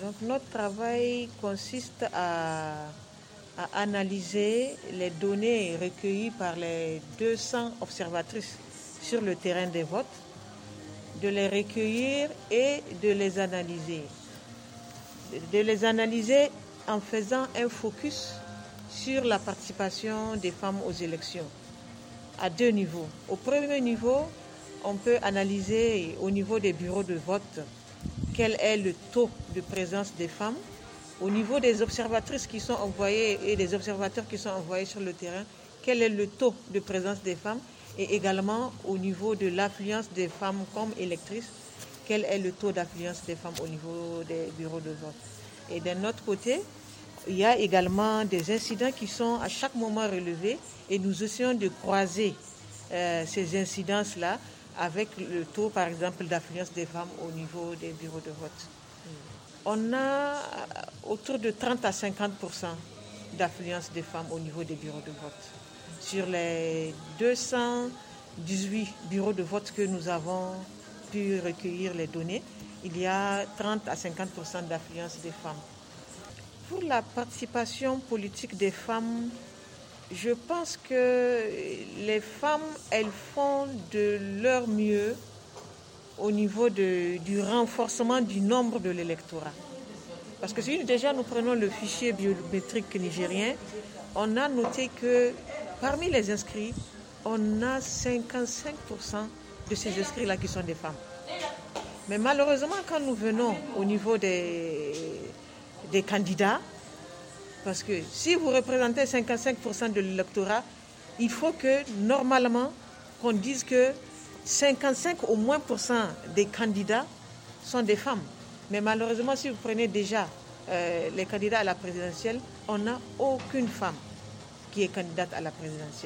Donc notre travail consiste à, à, analyser les données recueillies par les 200 observatrices sur le terrain des votes, de les recueillir et de les analyser. De les analyser en faisant un focus sur la participation des femmes aux élections à deux niveaux. Au premier niveau, on peut analyser au niveau des bureaux de vote quel est le taux de présence des femmes. Au niveau des observatrices qui sont envoyées et des observateurs qui sont envoyés sur le terrain, quel est le taux de présence des femmes et également au niveau de l'affluence des femmes comme électrices, quel est le taux d'affluence des femmes au niveau des bureaux de vote. Et d'un autre côté, il y a également des incidents qui sont à chaque moment relevés et nous essayons de croiser euh, ces incidences-là avec le taux, par exemple, d'affluence des femmes au niveau des bureaux de vote. On a autour de 30 à 50 d'affluence des femmes au niveau des bureaux de vote. Sur les 218 bureaux de vote que nous avons pu recueillir les données, il y a 30 à 50 d'affluence des femmes. Pour la participation politique des femmes, je pense que les femmes, elles font de leur mieux au niveau de, du renforcement du nombre de l'électorat. Parce que si déjà nous prenons le fichier biométrique nigérien, on a noté que parmi les inscrits, on a 55% de ces inscrits-là qui sont des femmes. Mais malheureusement, quand nous venons au niveau des, des candidats, parce que si vous représentez 55% de l'électorat, il faut que normalement qu'on dise que 55 au moins des candidats sont des femmes. Mais malheureusement, si vous prenez déjà euh, les candidats à la présidentielle, on n'a aucune femme qui est candidate à la présidentielle.